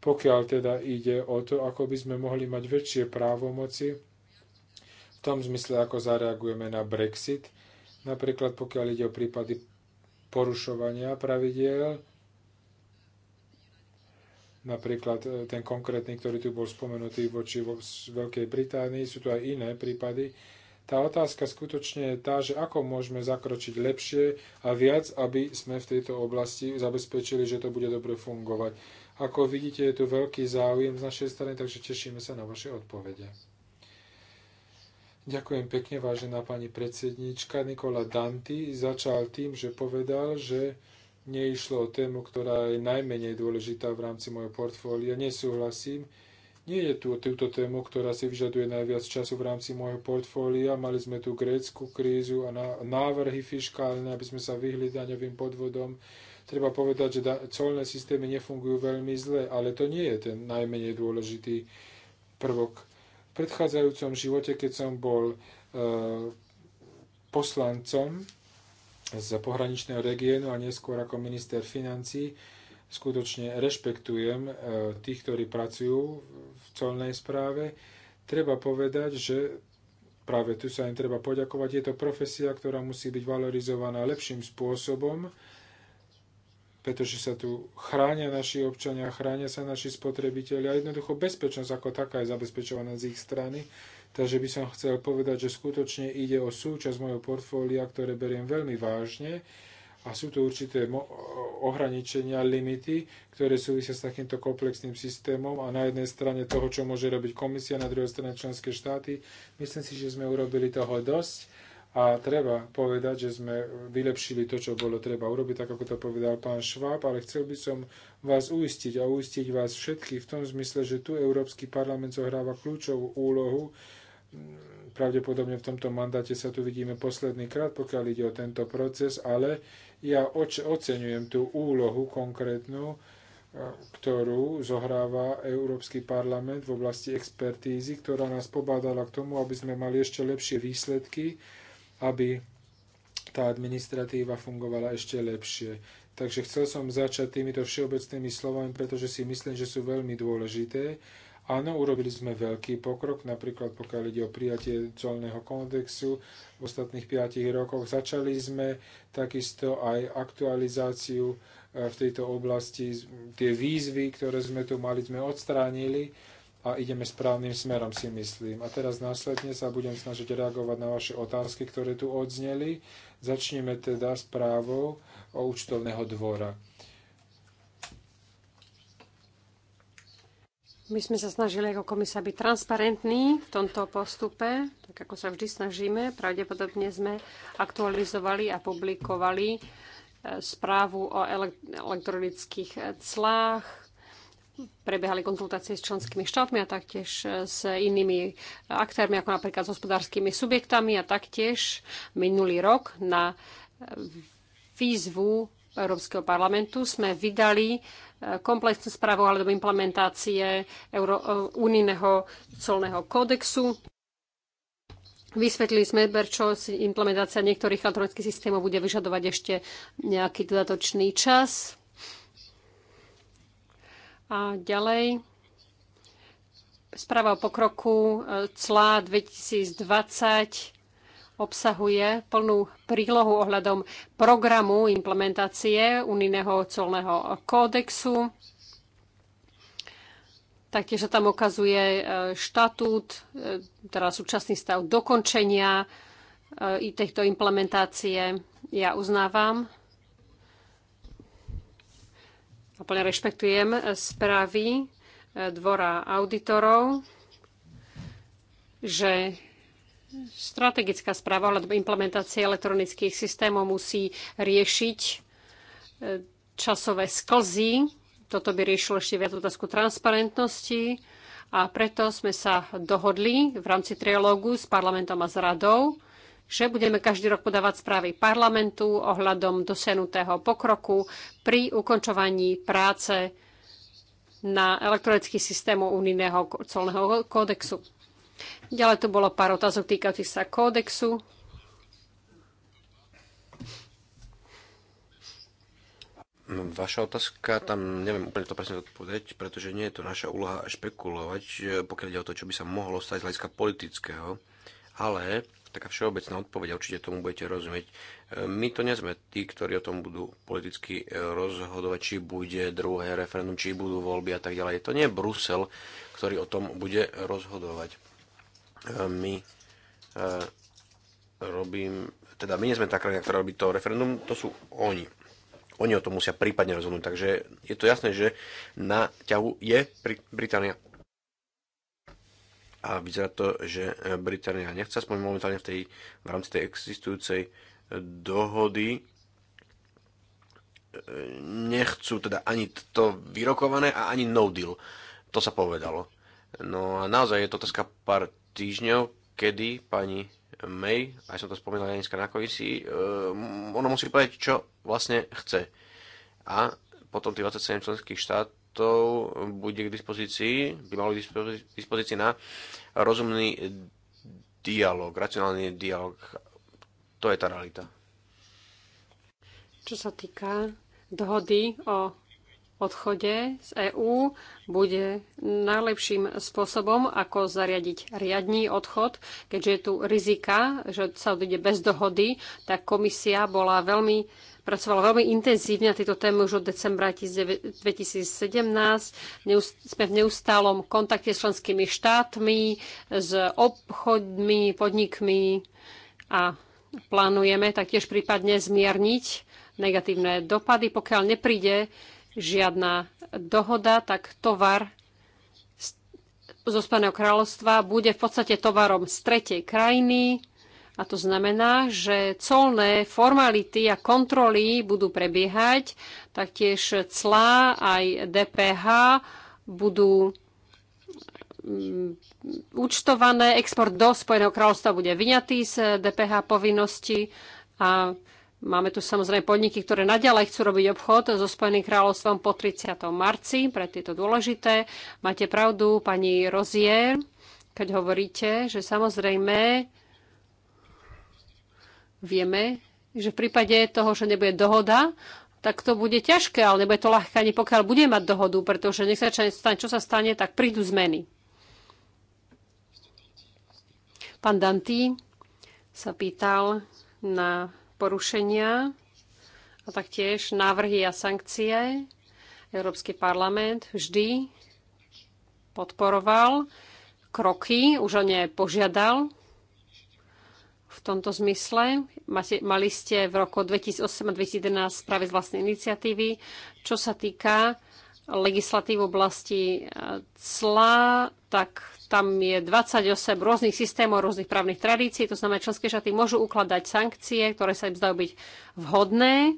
pokiaľ teda ide o to, ako by sme mohli mať väčšie právomoci v tom zmysle, ako zareagujeme na Brexit, napríklad pokiaľ ide o prípady porušovania pravidiel, napríklad e, ten konkrétny, ktorý tu bol spomenutý voči vo Veľkej Británii, sú tu aj iné prípady. Tá otázka skutočne je tá, že ako môžeme zakročiť lepšie a viac, aby sme v tejto oblasti zabezpečili, že to bude dobre fungovať. Ako vidíte, je tu veľký záujem z našej strany, takže tešíme sa na vaše odpovede. Ďakujem pekne, vážená pani predsednička. Nikola Danti začal tým, že povedal, že neišlo o tému, ktorá je najmenej dôležitá v rámci mojho portfólia. Nesúhlasím. Nie je tu túto tému, ktorá si vyžaduje najviac času v rámci môjho portfólia. Mali sme tu grécku krízu a návrhy fiškálne, aby sme sa vyhli daňovým podvodom. Treba povedať, že colné systémy nefungujú veľmi zle, ale to nie je ten najmenej dôležitý prvok. V predchádzajúcom živote, keď som bol e, poslancom z pohraničného regiónu a neskôr ako minister financí, skutočne rešpektujem e, tých, ktorí pracujú v colnej správe. Treba povedať, že práve tu sa im treba poďakovať. Je to profesia, ktorá musí byť valorizovaná lepším spôsobom, pretože sa tu chránia naši občania, chránia sa naši spotrebitelia a jednoducho bezpečnosť ako taká je zabezpečovaná z ich strany. Takže by som chcel povedať, že skutočne ide o súčasť mojho portfólia, ktoré beriem veľmi vážne a sú tu určité ohraničenia, limity, ktoré súvisia s takýmto komplexným systémom a na jednej strane toho, čo môže robiť komisia, na druhej strane členské štáty. Myslím si, že sme urobili toho dosť a treba povedať, že sme vylepšili to, čo bolo treba urobiť, tak ako to povedal pán Šváb, ale chcel by som vás uistiť a uistiť vás všetkých v tom zmysle, že tu Európsky parlament zohráva kľúčovú úlohu. Pravdepodobne v tomto mandáte sa tu vidíme posledný krát, pokiaľ ide o tento proces, ale ja oceňujem tú úlohu konkrétnu, e, ktorú zohráva Európsky parlament v oblasti expertízy, ktorá nás pobádala k tomu, aby sme mali ešte lepšie výsledky aby tá administratíva fungovala ešte lepšie. Takže chcel som začať týmito všeobecnými slovami, pretože si myslím, že sú veľmi dôležité. Áno, urobili sme veľký pokrok, napríklad pokiaľ ide o prijatie colného kódexu. V ostatných 5 rokoch začali sme takisto aj aktualizáciu eh, v tejto oblasti. Tie výzvy, ktoré sme tu mali, sme odstránili a ideme správnym smerom, si myslím. A teraz následne sa budem snažiť reagovať na vaše otázky, ktoré tu odzneli. Začneme teda správou o účtovného dvora. My sme sa snažili ako komisa byť transparentní v tomto postupe, tak ako sa vždy snažíme. Pravdepodobne sme aktualizovali a publikovali eh, správu o elektronických clách, prebiehali konzultácie s členskými štátmi a taktiež s inými aktérmi, ako napríklad s hospodárskymi subjektami a taktiež minulý rok na výzvu Európskeho parlamentu sme vydali e, komplexnú správu alebo implementácie Euro- e, unijného colného kódexu. Vysvetlili sme, čo implementácia niektorých elektronických systémov bude vyžadovať ešte nejaký dodatočný čas a ďalej správa o pokroku e, CLA 2020 obsahuje plnú prílohu ohľadom programu implementácie unijného colného kódexu. Taktiež sa tam ukazuje e, štatút, e, teda súčasný stav dokončenia i tejto implementácie. Ja uznávam, Úplne rešpektujem správy e, dvora auditorov, že strategická správa alebo implementácia elektronických systémov musí riešiť e, časové sklzy. Toto by riešilo ešte viac otázku transparentnosti a preto sme sa dohodli v rámci trialógu s parlamentom a s radou, že budeme každý rok podávať správy parlamentu ohľadom dosenutého pokroku pri ukončovaní práce na elektronický systém unijného colného kódexu. Ďalej tu bolo pár otázok týkajúcich sa kódexu. No, vaša otázka, tam neviem úplne to presne odpovedať, pretože nie je to naša úloha špekulovať, e, pokiaľ ide o to, čo by sa mohlo stať z hľadiska politického, ale taká všeobecná odpoveď a určite tomu budete rozumieť. E, my to nezme tí, ktorí o tom budú politicky e, rozhodovať, či bude druhé referendum, či budú voľby a tak ďalej. To nie je Brusel, ktorý o tom bude rozhodovať. E, my robím, teda my nie sme tá krajina, ktorá robí to referendum, to sú oni. Oni o tom musia prípadne rozhodnúť. Takže je to jasné, že na ťahu je Británia a vyzerá to, že Británia nechce aspoň momentálne v, tej, v rámci tej existujúcej dohody e, nechcú teda ani to vyrokované a ani no deal. To sa povedalo. No a naozaj je to otázka pár týždňov, kedy pani May, aj som to spomínal dneska na komisii, e, ono musí povedať, čo vlastne chce. A potom tých 27 členských štát, štátov bude k dispozícii, by malo k dispozícii na rozumný dialog, racionálny dialog. To je tá realita. Čo sa týka dohody o odchode z EÚ, bude najlepším spôsobom, ako zariadiť riadný odchod, keďže je tu rizika, že sa odíde bez dohody, tak komisia bola veľmi pracovala veľmi intenzívne na tejto téme už od decembra 2017. Sme v neustálom kontakte s členskými štátmi, s obchodmi, podnikmi a plánujeme taktiež prípadne zmierniť negatívne dopady. Pokiaľ nepríde žiadna dohoda, tak tovar zo Spaného kráľovstva bude v podstate tovarom z tretej krajiny a to znamená, že colné formality a kontroly budú prebiehať, taktiež clá aj DPH budú mm, účtované, export do Spojeného kráľovstva bude vyňatý z DPH povinnosti a máme tu samozrejme podniky, ktoré naďalej chcú robiť obchod so Spojeným kráľovstvom po 30. marci, pre tieto dôležité. Máte pravdu, pani Rozier, keď hovoríte, že samozrejme Vieme, že v prípade toho, že nebude dohoda, tak to bude ťažké, ale nebude to ľahké ani pokiaľ bude mať dohodu, pretože nech sa stane, čo sa stane, tak prídu zmeny. Pán Dantý sa pýtal na porušenia a taktiež návrhy a sankcie. Európsky parlament vždy podporoval kroky, už o ne požiadal tomto zmysle. Mali ste v roku 2008 a 2011 spraviť vlastné iniciatívy. Čo sa týka legislatív v oblasti eh, cla, tak tam je 28 rôznych systémov, rôznych právnych tradícií, to znamená, členské štáty môžu ukladať sankcie, ktoré sa im zdajú byť vhodné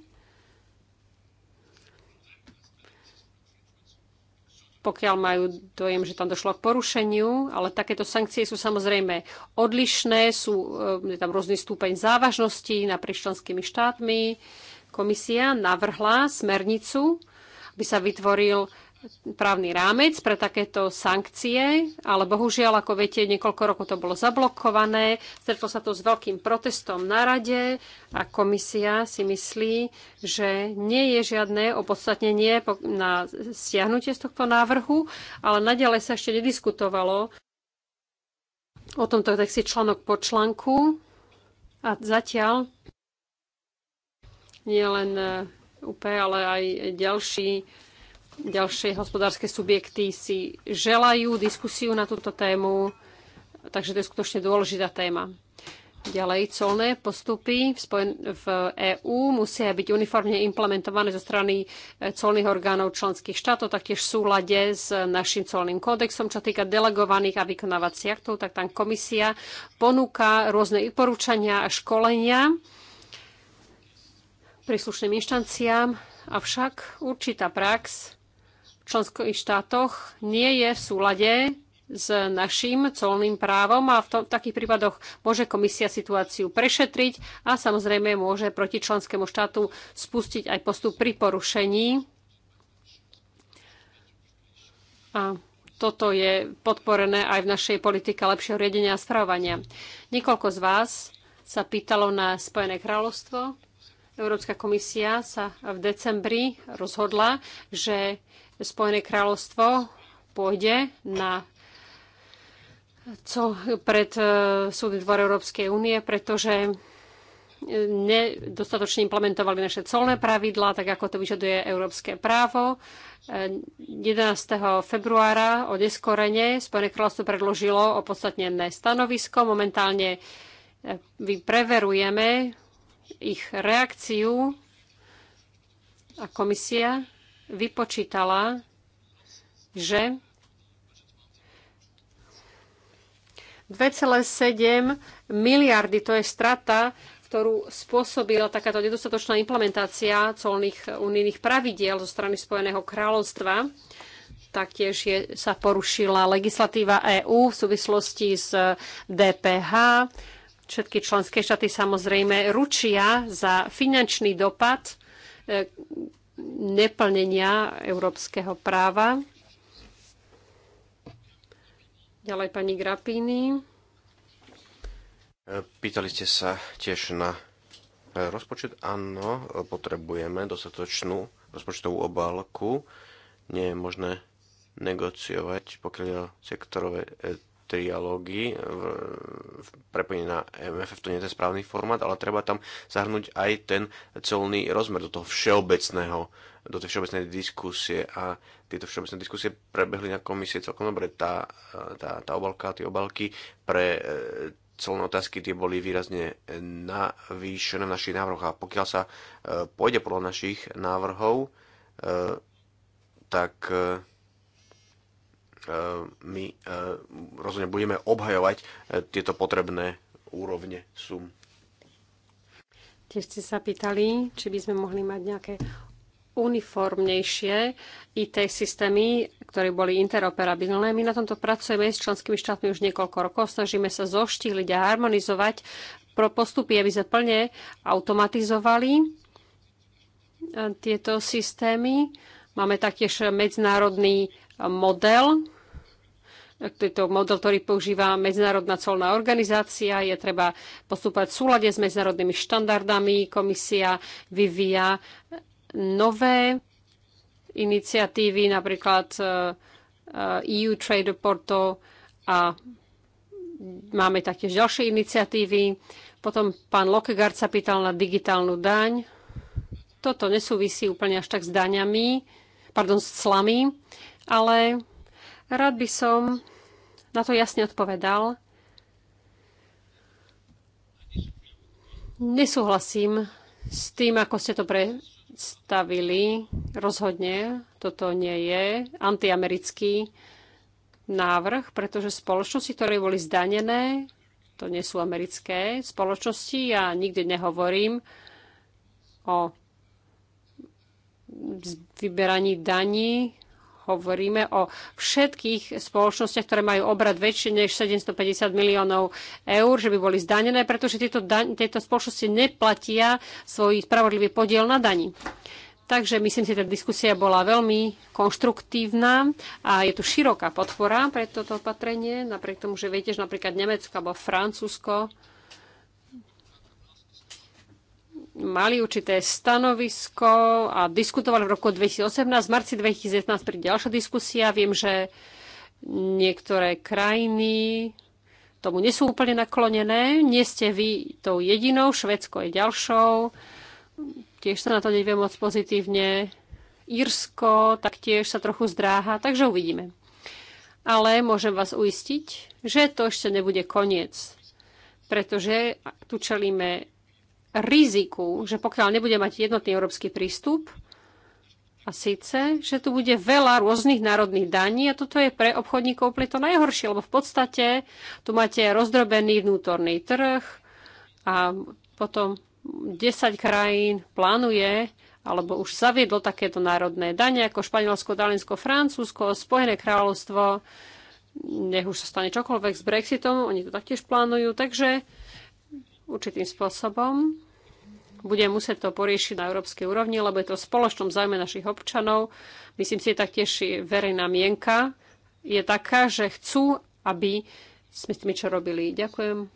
pokiaľ majú dojem, že tam došlo k porušeniu, ale takéto sankcie sú samozrejme odlišné, sú e, je tam rôzny stupeň závažnosti naprieč členskými štátmi. Komisia navrhla smernicu, aby sa vytvoril právny rámec pre takéto sankcie, ale bohužiaľ, ako viete, niekoľko rokov to bolo zablokované. Stretlo sa to s veľkým protestom na rade a komisia si myslí, že nie je žiadne opodstatnenie na stiahnutie z tohto návrhu, ale naďalej sa ešte nediskutovalo o tomto texte článok po článku a zatiaľ nie len eh, UP, ale aj ďalší ďalšie hospodárske subjekty si želajú diskusiu na túto tému, takže to je skutočne dôležitá téma. Ďalej, colné postupy v, v EÚ musia byť uniformne implementované zo strany e, colných orgánov členských štátov, taktiež v súlade s našim colným kódexom. Čo týka delegovaných a vykonávacích aktov, tak tam komisia ponúka rôzne porúčania a školenia príslušným inštanciám, avšak určitá prax členských štátoch nie je v súlade s našim colným právom a v, to, v takých prípadoch môže komisia situáciu prešetriť a samozrejme môže proti členskému štátu spustiť aj postup pri porušení. A toto je podporené aj v našej politike lepšieho riadenia a správania. Niekoľko z vás sa pýtalo na Spojené kráľovstvo. Európska komisia sa v decembri rozhodla, že Spojené kráľovstvo pôjde na co pred e, súdny dvor Európskej únie, pretože e, nedostatočne implementovali naše colné pravidlá, tak ako to vyžaduje európske právo. 11. E, februára o neskorene Spojené kráľovstvo predložilo opodstatnené stanovisko. Momentálne preverujeme ich reakciu a komisia vypočítala, že 2,7 miliardy, to je strata, ktorú spôsobila takáto nedostatočná implementácia colných unijných pravidiel zo strany Spojeného kráľovstva. Taktiež je, sa porušila legislatíva EÚ v súvislosti s DPH. Všetky členské štáty samozrejme ručia za finančný dopad e, neplnenia európskeho práva. Ďalej pani Grapíny. Pýtali ste sa tiež na rozpočet. Áno, potrebujeme dostatočnú rozpočtovú obálku. Nie je možné negociovať, pokiaľ sektorové trialógy e, prepojenie na MFF to nie je ten správny formát, ale treba tam zahrnúť aj ten celný rozmer do toho všeobecného do tej všeobecnej diskusie a tieto všeobecné diskusie prebehli na komisie celkom dobre. Tá, e, tá, tá obalka, tie obalky pre e, celné otázky tie boli výrazne navýšené v našich návrhoch a pokiaľ sa pôjde podľa našich návrhov, tak E, my e, rozhodne budeme obhajovať e, tieto potrebné úrovne sum. Tiež ste sa pýtali, či by sme mohli mať nejaké uniformnejšie IT systémy, ktoré boli interoperabilné. My na tomto pracujeme s členskými štátmi už niekoľko rokov. Snažíme sa zoštihliť a harmonizovať pro postupy, aby sme plne automatizovali tieto systémy. Máme taktiež medzinárodný model to model, ktorý používa Medzinárodná colná organizácia. Je treba postúpať v súlade s medzinárodnými štandardami. Komisia vyvíja nové iniciatívy, napríklad EU e, e Trade Porto a máme taktiež ďalšie iniciatívy. Potom pán Lokegard sa pýtal na digitálnu daň. Toto nesúvisí úplne až tak s daňami, pardon, s clami, ale Rád by som na to jasne odpovedal. Nesúhlasím s tým, ako ste to predstavili. Rozhodne toto nie je antiamerický návrh, pretože spoločnosti, ktoré boli zdanené, to nie sú americké spoločnosti. Ja nikdy nehovorím o vyberaní daní hovoríme o všetkých spoločnostiach, ktoré majú obrad väčšie než 750 miliónov eur, že by boli zdanené, pretože tieto, daň, tieto spoločnosti neplatia svoj spravodlivý podiel na daní. Takže myslím si, že tá diskusia bola veľmi konštruktívna a je tu široká podpora pre toto opatrenie, napriek tomu, že viete, že napríklad Nemecko alebo Francúzsko mali určité stanovisko a diskutovali v roku 2018. V marci 2019 príde ďalšia diskusia. Viem, že niektoré krajiny tomu nesú úplne naklonené. Nie ste vy tou jedinou, Švedsko je ďalšou. Tiež sa na to neviem moc pozitívne. Írsko taktiež sa trochu zdráha, takže uvidíme. Ale môžem vás uistiť, že to ešte nebude koniec, pretože tu čelíme riziku, že pokiaľ nebude mať jednotný európsky prístup, a síce, že tu bude veľa rôznych národných daní a toto je pre obchodníkov úplne to najhoršie, lebo v podstate tu máte rozdrobený vnútorný trh a potom 10 krajín plánuje alebo už zaviedlo takéto národné dane ako Španielsko, Dalinsko, Francúzsko, Spojené kráľovstvo, nech už sa stane čokoľvek s Brexitom, oni to taktiež plánujú, takže určitým spôsobom. Budeme musieť to poriešiť na európskej úrovni, lebo je to v spoločnom zájme našich občanov. Myslím si, že taktiež verejná mienka je taká, že chcú, aby sme s tými čo robili. Ďakujem.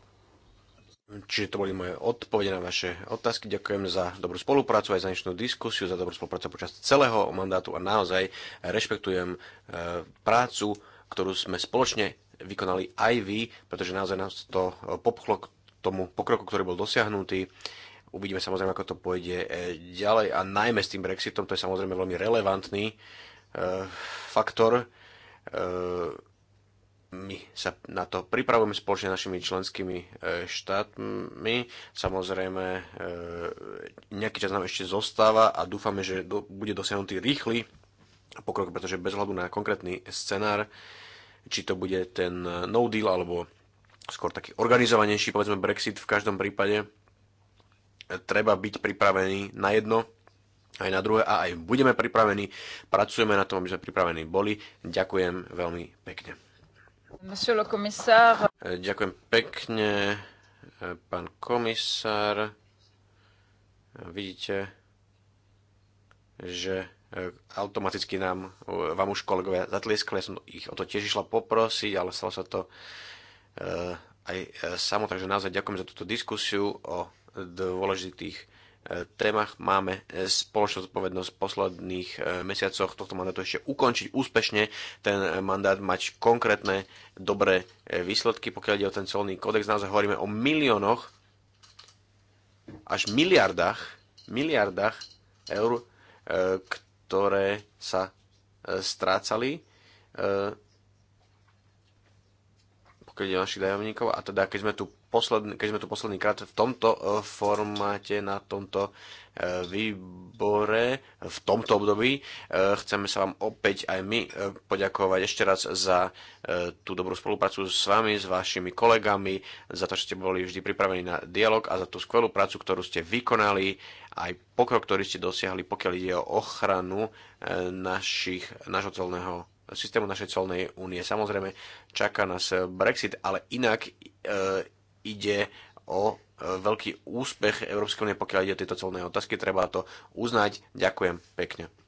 Čiže to boli moje odpovede na vaše otázky. Ďakujem za dobrú spoluprácu aj za dnešnú diskusiu, za dobrú spoluprácu počas celého mandátu a naozaj rešpektujem e, prácu, ktorú sme spoločne vykonali aj vy, pretože naozaj nás to popchlo k tomu pokroku, ktorý bol dosiahnutý. Uvidíme samozrejme, ako to pôjde e, ďalej a najmä s tým Brexitom, to je samozrejme veľmi relevantný e, faktor. E, my sa na to pripravujeme spoločne s našimi členskými štátmi. Samozrejme, nejaký čas nám ešte zostáva a dúfame, že bude dosiahnutý rýchly pokrok, pretože bez hľadu na konkrétny scenár, či to bude ten no deal alebo skôr taký organizovanejší, povedzme, Brexit v každom prípade. Treba byť pripravený na jedno, aj na druhé a aj budeme pripravení. Pracujeme na tom, aby sme pripravení boli. Ďakujem veľmi pekne. Ďakujem pekne, pán komisár. Vidíte, že eh, automaticky nám, eh, vám už kolegovia zatlieskli, ja som ich o to tiež išla poprosiť, ale stalo sa to Eh, aj eh, samo. Takže naozaj ďakujem za túto diskusiu o dôležitých eh, témach. Máme spoločnú zodpovednosť v posledných mesiacoch tohto mandátu ešte ukončiť úspešne ten mandát, mať konkrétne dobré výsledky, pokiaľ ide o ten celný kódex. Naozaj hovoríme o miliónoch, až miliardách, miliardách eur, ktoré sa strácali pokiaľ ide našich dajomníkov. A teda, keď sme tu, posledný, keď sme tu krát v tomto e, formáte, na tomto e, výbore, v tomto období, e, chceme sa vám opäť aj my poďakovať ešte raz za tú dobrú spoluprácu s vami, s vašimi kolegami, za to, že ste boli vždy pripravení na dialog a za tú skvelú prácu, ktorú ste vykonali, aj pokrok, ktorý ste dosiahli, pokiaľ ide o ochranu našich, našho celného systému našej colnej únie. Samozrejme, čaká nás Brexit, ale inak e, ide o e, veľký úspech Európskej únie, pokiaľ ide o tieto colné otázky. Treba to uznať. Ďakujem pekne.